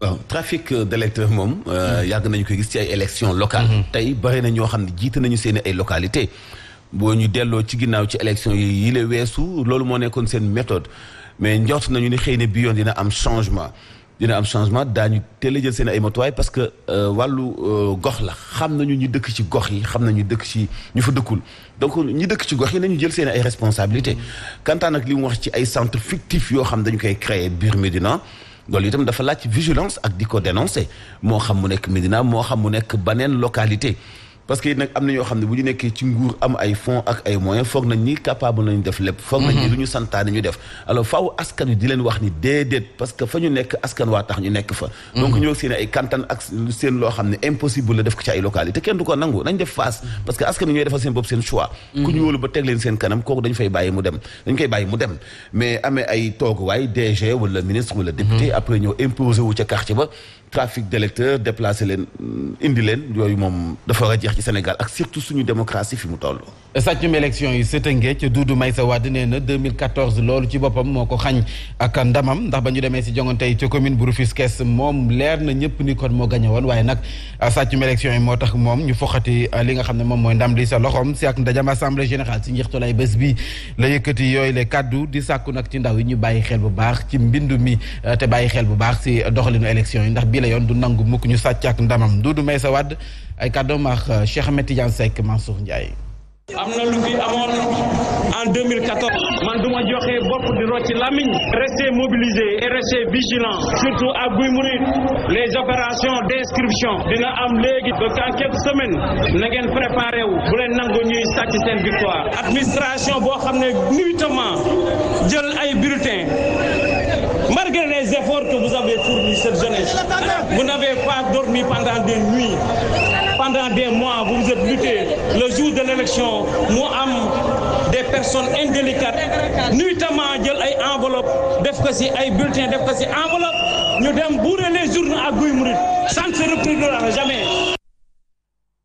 waaw trafic euh, d'électeurs moom. Euh, mm-hmm. yàgg nañu ko gis ci ay élections locales. Mm-hmm. tey bari na ñoo xam ne jiite nañu seen ay localité boo ñu delloo ci ginnaaw ci élections yi le weesu loolu moo nekkoon seen méthode mais njort nañu ni xëy ne bi yoon dina am changement. dina am changement daañu teel a jël seen ay matuwaay parce que euh, wàllu gox la xam nañu ñu dëkk ci gox yi xam nañu dëkk ci ñu fa dëkkul donc ñu dëkk ci gox yi nañu jël seen ay responsabilité quant mm-hmm. à nag li mu wax ci ay centre fictif yoo xam dañu koy créer biir Médina loolu itam dafa laaj vigilance ak di ko dénoncer moo xam mu nekk Médina moo xam mu nekk baneen localité parce que nag am na ñoo xam ne bu ñu nekkee ci nguur am ay fonds ak ay moyens foog nañ def lépp foog nañ mhm. ñu santaane ñu def alors faaw askan wi di leen wax ni déedéet parce que fa ñu nekk askan waa tax ñu nekk fa mhm. donc ñoo seen ay kantan ak seen loo xam ne impossible la def ko ci ay localité kenn du ko nangu nañ def face mhm. parce que askan wi ñooy defal seen bopp seen choix ku ñu wóolu ba teg leen seen kanam kooku dañ fay bàyyi mu dem dañ koy bàyyi mu dem mais amee ay tooguwaay DG wala ministre wala député après ñoo imposé wu ca quartier ba trafic d'électeurs déplacé leen mm, indi leen yooyu moom dafa a jeex ci Sénégal ak surtout suñu démocratie fi mu toll. sàccum élection yi sëtë ngeec Doudou Maïssa Wade nee na 2014 loolu ci boppam moo ko xañ ak ndamam ndax ba ñu demee si jongante yi ca commune bu Rufisque moom leer na ñëpp ni kon moo gañe waaye nag sàccum élection yi moo tax moom ñu foxati euh, li nga xam ne moom mooy ndam li sa loxoom si ak ndajam assemblée générale si njeextolay bés bi la yëkkati yooyu di sàkku nag ci ndaw yi ñu bàyyi bu baax ci mbindu mi euh, te bàyyi gi la yoon du nangu mukk ñu sàcc ak ndamam Doudou Meysa Wade ay kàddoom ak euh, Cheikh Ahmed Tidiane Seck Mansour am na lu fi amoon en man du joxe bopp di rocci lamiñ rester mobilisé et vigilant surtout à Guy Mouride les opérations d'inscription dina am léegi donc en semaines na ngeen bu leen nangu ñuy sàcc seen victoire administration boo xam ne nuitamment jël ay bureau malgré les efforts que vous avez fournis cette jeunesse, vous n'avez pas dormi pendant des nuits. Pendant des mois, vous vous êtes lutté. Le jour de l'élection, nous am des personnes indélicates. Nuitamment, jël ay enveloppe def ko ci ay bulletin def que ci enveloppe ñu dem bourrer les urnes à Guy Mouride. Ça ne se reproduira jamais.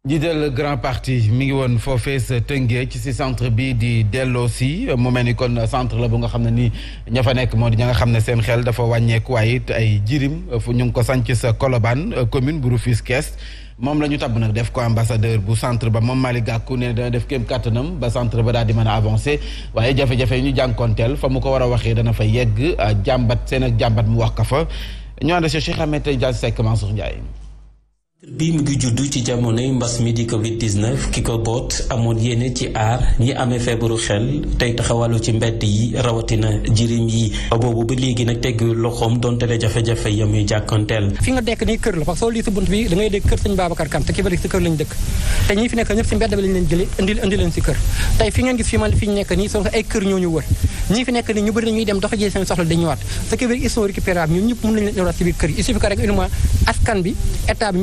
jiital grand parti mi ngi woon foofee sa tëngee ci si centre bii di delloo si mu mel ni kon centre la bu nga xam ne nii ña fa nekk moo di ña nga xam ne seen xel dafa wàññeeku waaye ay jirim euh, fu ñu ngi ko sanc sa Colobane euh, commune bu Rufisque Est moom la ñu tabb nag def ko ambassadeur bu centre ba moom Malick Gakou ne dana def kéem kattanam ba centre ba daal di mën a avancé waaye jafe-jafe yi ñu jànkoonteel fa mu ko war a waxee dana fa yegg euh, jàmbat seen ak jàmbat mu wax ka fa ñu ànd si Cheikh Ahmed Tidiane Seck Mansour Ndiaye bi mu juddu ci jamonoy mbas mi di Covid 19 ki ko boot amoon yéene ci aar ñi amee feebaru xel tey taxawalu ci mbedd yi rawatina jirim yi boobu ba léegi nag tegg loxoom donte ne jafe-jafe ya muy jàkkoonteel. fi nga dekk nii kër la parce soo lii si bunt bi da ngay kër sëñ Babacar Kam te kër lañ dëkk te ñii fi nekk ñëpp si mbedd bi lañ leen indi indi leen si kër tey fi ngeen gis fi man fi nekk nii soo ay kër ñoo wër ñii fi nekk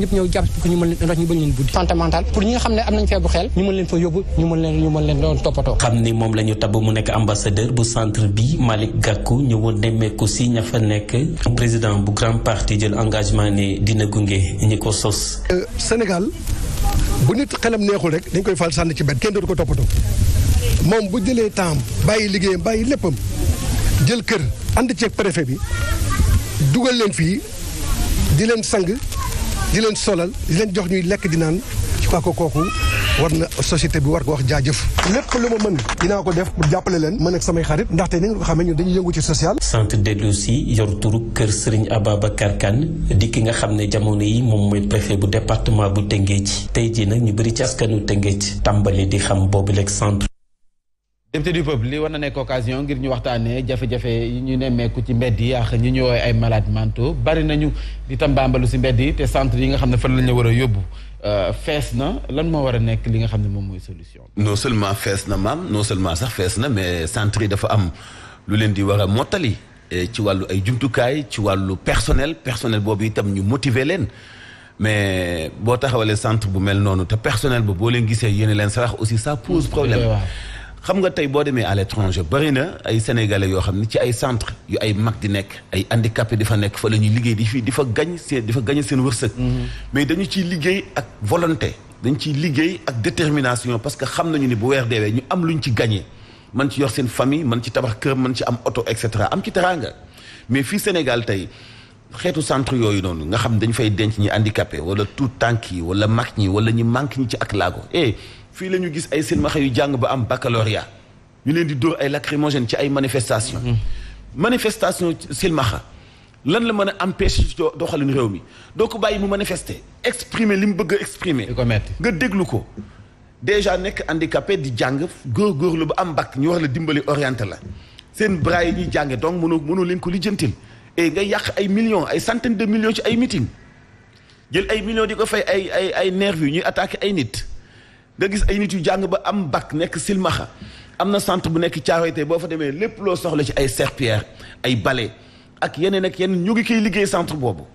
nii ñu jàpp pour ñu mën leen ndox ñu bañ leen buddi santé mentale pour ñi nga xam ne am nañ feebu xel ñu mën leen fa yóbbu ñu mën leen ñu mën leen doon toppatoo xam ni moom la ñu mu nekk ambassadeur bu centre bi Malick Gakou ñëwoon nemmeeku si ña fa nekk président bu grand parti jël engagement ne dina gunge ñi ko sos euh, Sénégal bu nit xelam neexul rek dañ koy fal sànni ci benn kenn dootu ko toppatoo moom bu jëlee temps bàyyi liggéeyam bàyyi léppam jël kër ànd ceeg préfet bi dugal leen fii di leen di leen solal di leen jox ñuy lekk di naan je crois kooku war na société bi war ko wax jaajëf. lépp lu ma mën dinaa ko def jàppale leen man ak samay xarit ndaxte ni nga ko xamee ñun dañuy yëngu ci social. centre dellu si yor turu kër Serigne Ababacar Kane di ki nga xam ne jamono yi moom mooy préfet bu département bu Tëngéej tey jii nag ñu bëri ci askanu Tëngéej tàmbali di xam boobu leeg centre. député du peuple li war na nekk occasion ngir ñu waxtaanee jafe-jafe yi ñu nemmeeku ci mbedd yi ak ñi ñu woowee ay malades mentaux bari nañu itam tambaambalu si mbedd yi te centre yi nga xam ne fan la ñu war a yóbbu euh, fees na lan moo war a nekk li nga xam ne moom mooy solution. non seulement fees na maam non seulement sax fees na mais centre yi dafa am lu leen di war mottali eh, ci wàllu ay jumtukaay ci wàllu personnel personnel boobu itam ñu motiver leen. mais boo taxawalee centre bu mel noonu te personnel ba boo leen gisee yéene leen sarax aussi ça pose mm, problème xam nga tey boo demee à l'étranger bari na ay sénégalais yoo xam ne ci ay centre yu ay mag di nekk ay handicapé di fa nekk fa la ñuy liggéey di fii di fa gañ seen di gañ seen wërsëg mm-hmm. mais dañu ciy liggéey ak volonté dañ ciy liggéey ak détermination parce que xam nañu ni bu weer deewee ñu am luñ ci gañee man ci yor seen famille man ci tabax kër man ci am oto et cetera am ci teraanga mais fii Sénégal tey xeetu centre yooyu noonu nga xam dañ fay denc ñi handicapé wala tout tànk yi wala mag ñi wala ñi manque ñi ci ak laago eh, fii la ñu gis ay silmaxa yu jàng ba am baccalauréat ñu leen di dóor ay lacrymogène ci ay manifestation mhm. manifestation silmaxa lan la mën a empêcher doxalin réew mi doo ko bàyyi mu manifester exprime li mu bëgg a exprimer nga déglu ko déjà nekk handicapé di jàng góor góor góorgóorlu ba am bac ñu war la dimbali orienté la seen bras yi ñuy jànge donc mënu mënu leen ko lijjantil nga yàq ay millions ay centaines de millions ci ay meeting jël ay millions di ko fay ay ay ay nervis ñuy attaqué ay nit nga gis ay nit yu jàng ba am bac nekk silmaxa am na centre bu nekk caaroy tey boo fa demee lépp loo soxla ci ay serpillère ay balai ak yeneen ak yenn ñu ngi koy liggéey centre boobu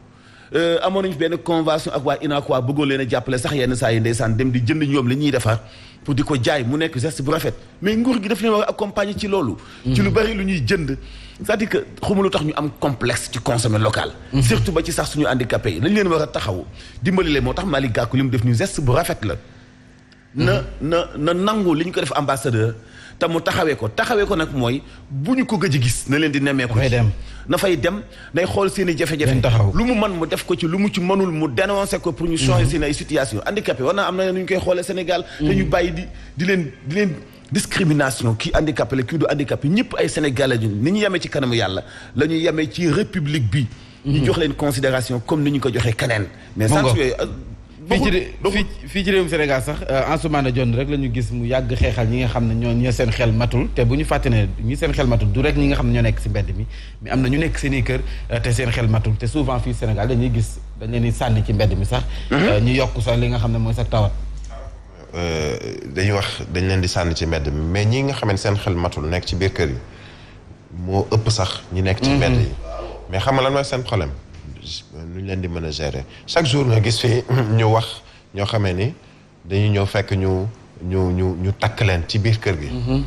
euh, amoon nañu benn convention ak waa UNACOIS bëggoon leen a jàppale sax yenn saa yi ndeysaan dem di jënd ñoom li ñuy defar pour di ko jaay mu nekk geste bu rafet mais nguur gi daf leen war a accompagner ci loolu. Mm. ci lu bari lu ñuy jënd. c'est-à-dire que xamu lu tax ñu am comple ci consommer local. Mm-hmm. surtout ba ci sax suñu handicapé dañ leen war taxaw dimbali moo tax Malick Gakou def ñu geste bu rafet la. na na na nangu li ñu ko def ambassadeur te mu taxawee ko taxawee ko nag mooy bu ñu ko gëj a gis na leen di nemmeeku. dafay dem na fay dem day xool seen i jafe-jafe. lu mu man mu def ko ci lu mu ci mënul mu dénoncé ko pour ñu changer mhm. seen ay situation handicapé war naa am na nu ñu koy xoolee Sénégal. Mhm. te ñu bàyyi di di leen di leen. discrimination kii handicapé la kii du handicapé ñëpp ay sénégalais ni ñu yemee ci kanamu yàlla la ñuy yemee ci république bi. Mhm. ñu jox leen considération comme ni ñu ko joxee keneen. fii ci fii ci réewum Sénégal sax euh, Ansoumana Dione rek la ñu gis mu yàgg xeexal ñi nga xam ne ñoo ñoo seen xel matul te bu ñu fàtte ne ñi seen xel matul du rek ñi nga xam ne ñoo nekk si mbedd mi mais am na ñu nekk seen kër euh, te seen xel souvent fii Sénégal dañuy gis dañ leen di sànni ci mbedd mi sax mhm. euh, ñu yokk sax li nga xam ne mooy sax tawat dañuy wax dañ leen di sànni ci mbedd mi mais ñi nga xam ne seen xel matul nekk ci biir kër yi moo ëpp sax ñu nekk ci mhm. mbedd yi mais xam nga lan mooy seen problème duñ leen di mën a gérer chaque jour nga gis fii ñu wax ñoo xamee ni dañu ñëw fekk ñu ñu ñu ñu takk leen ci biir kër gi. Mhm.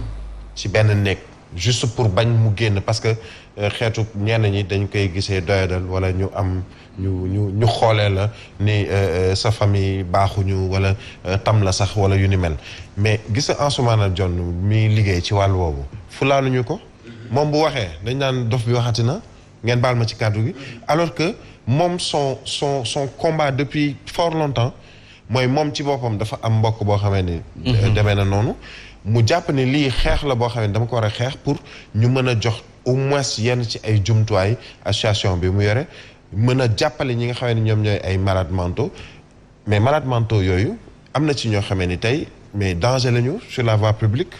ci benn néeg juste pour bañ mu génn parce que euh, xeetu ñenn ñi dañ koy gisee doyadal wala ñu am ñu ñu ñu xoolee la ni euh, euh, sa famille baaxuñu wala tam la sax wala yu ni mel mais gis nga Ansoumana Dione mi liggéey ci wàll woowu fulaanuñu ko. Mhm. moom bu waxee dañ naan dof bi waxati ngeen baal ma ci kàddu gi mhm. alors que. moom son son son combat depuis fort longtemps mooy moom ci boppam dafa am mbokk boo xamee ni mhm. demee na noonu mu jàpp ni lii xeex la boo xam ne dama ko war a xeex pour ñu mën a jox au moins yenn ci ay jumtuwaay association bi mu yore mën a jàppale ñi nga xamee ne ñoom ñooy ay malademento mais malademento yooyu am na ci ñoo xamee ni tey mais danger lañu sur la voie publique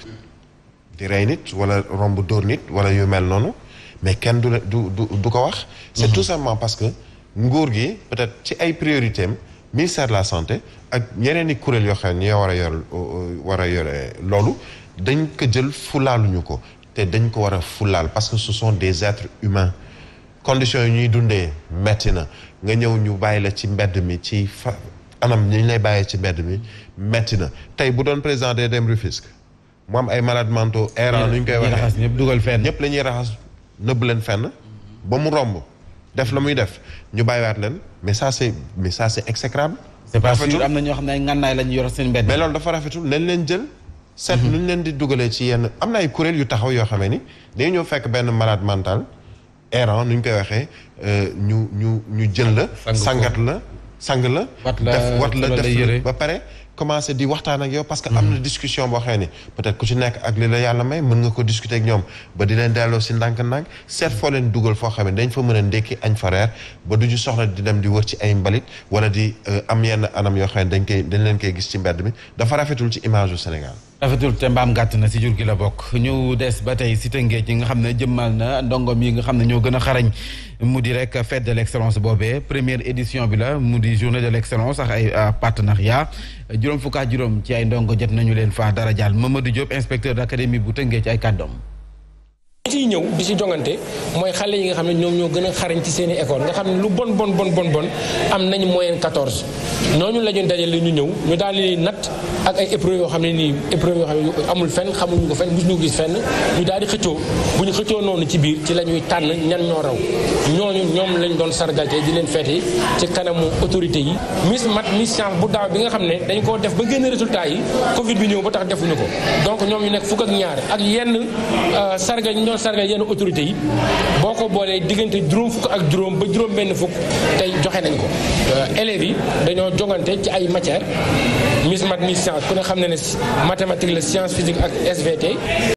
di rey nit wala romb dóor nit wala yu mel noonu mais kenn du du du ko wax c'est mhm. tout simplement parce que nguur gi peut-être ci ay priorité am ministère la santé ak ñeneen i kuréel yoo xam ne ñoo war a yor war a yore loolu dañ ko jël fulaaluñu ko te dañ ko war a fulaal parce que ce sont des êtres humains conditions yi ñuy dundee metti na nga ñëw ñu bàyyi la ci mbedd mi ci fa anam ñu lay bàyyee ci mbedd mi metti na tey bu doon président day dem Rufisque mu ay malades mentaux errants ñu koy waxee ñëpp dugal fenn ñëpp la ñuy raxas nëbb leen fenn ba mu romb def la muy def ñu waat leen mais ça c' est mais ça c' est am na ñoo xam ne ay ngànnaay lañu yor seen mbedd. mais loolu dafa rafetul nañ leen jël. seet lu mhm. ñu leen di dugalee ci yenn am na ay kuréel yu taxaw yoo xamee ni dañu ñëw fekk benn malade mental errant nu ñu koy waxee euh, ñu ñu ñu jël la. sangat la sang la. def wat la def ba pare. commencé di waxtaan ak yow parce que am na hmm. discussion boo xam ne peut-être ku ci nekk ak li la yàlla may mën nga ko discuter ak ñoom ba di leen delloo si ndànk-ndànk seet foo leen dugal foo xam ne dañ fa mën a ndékki añ fa reer ba du ñu soxla di dem di wër ci ay mbalit wala di euh, am yenn anam yoo xam ne dañ koy dañ leen koy gis ci mbedd mi dafa rafetul ci image u Sénégal rafetul te mbaam gàtt na si jur gi la bokk ñu des ba tey si tëngeej yi nga xam ne jëmmal na ndongom yi nga xam ne ñoo gën a xarañ mu di rek fête de l' excellence boobee première édition bi la mu di journée de l' excellence ak ay euh, partenariat juróom fukk ak juróom ci ay ndongo jot nañu leen fa dara jaal Mamadou Diop inspecteur d' académie bu tëngeej ay kàddoom ciy ñëw di ci jongante mooy xale yi nga xam ne ñoom ñoo gën a xarañ ci seeni école nga xam ne lu bon bon bon bon bon am nañ moyenne 14 ñooñu la ñu dajale ñu ñëw ñu daal di natt ak ay épreuve yoo xam ne nii épreuve yoo xam ne amul fenn xamuñu ko fenn musuñu gis fenn ñu daal di xëccoo bu ñu xëccoo noonu ci biir ci la ñuy tànn ñan ñoo raw ñooñu ñoom lañ doon sargal tey di leen feete ci kanamu autorité yi Miss Mat Miss Science bu daaw bi nga xam ne dañ koo def ba génn résultat yi Covid bi ñëw ba tax defuñu ñu nekk doon sargal yenn autorités yi boo ko boolee diggante juróom fukk ak juróom ba juróom benn fukk tey joxe nañ ko euh, élèves yi dañoo jogante ci ay matières Miss Math Miss Science ku ne xam ne ne mathématique la science physique ak SVT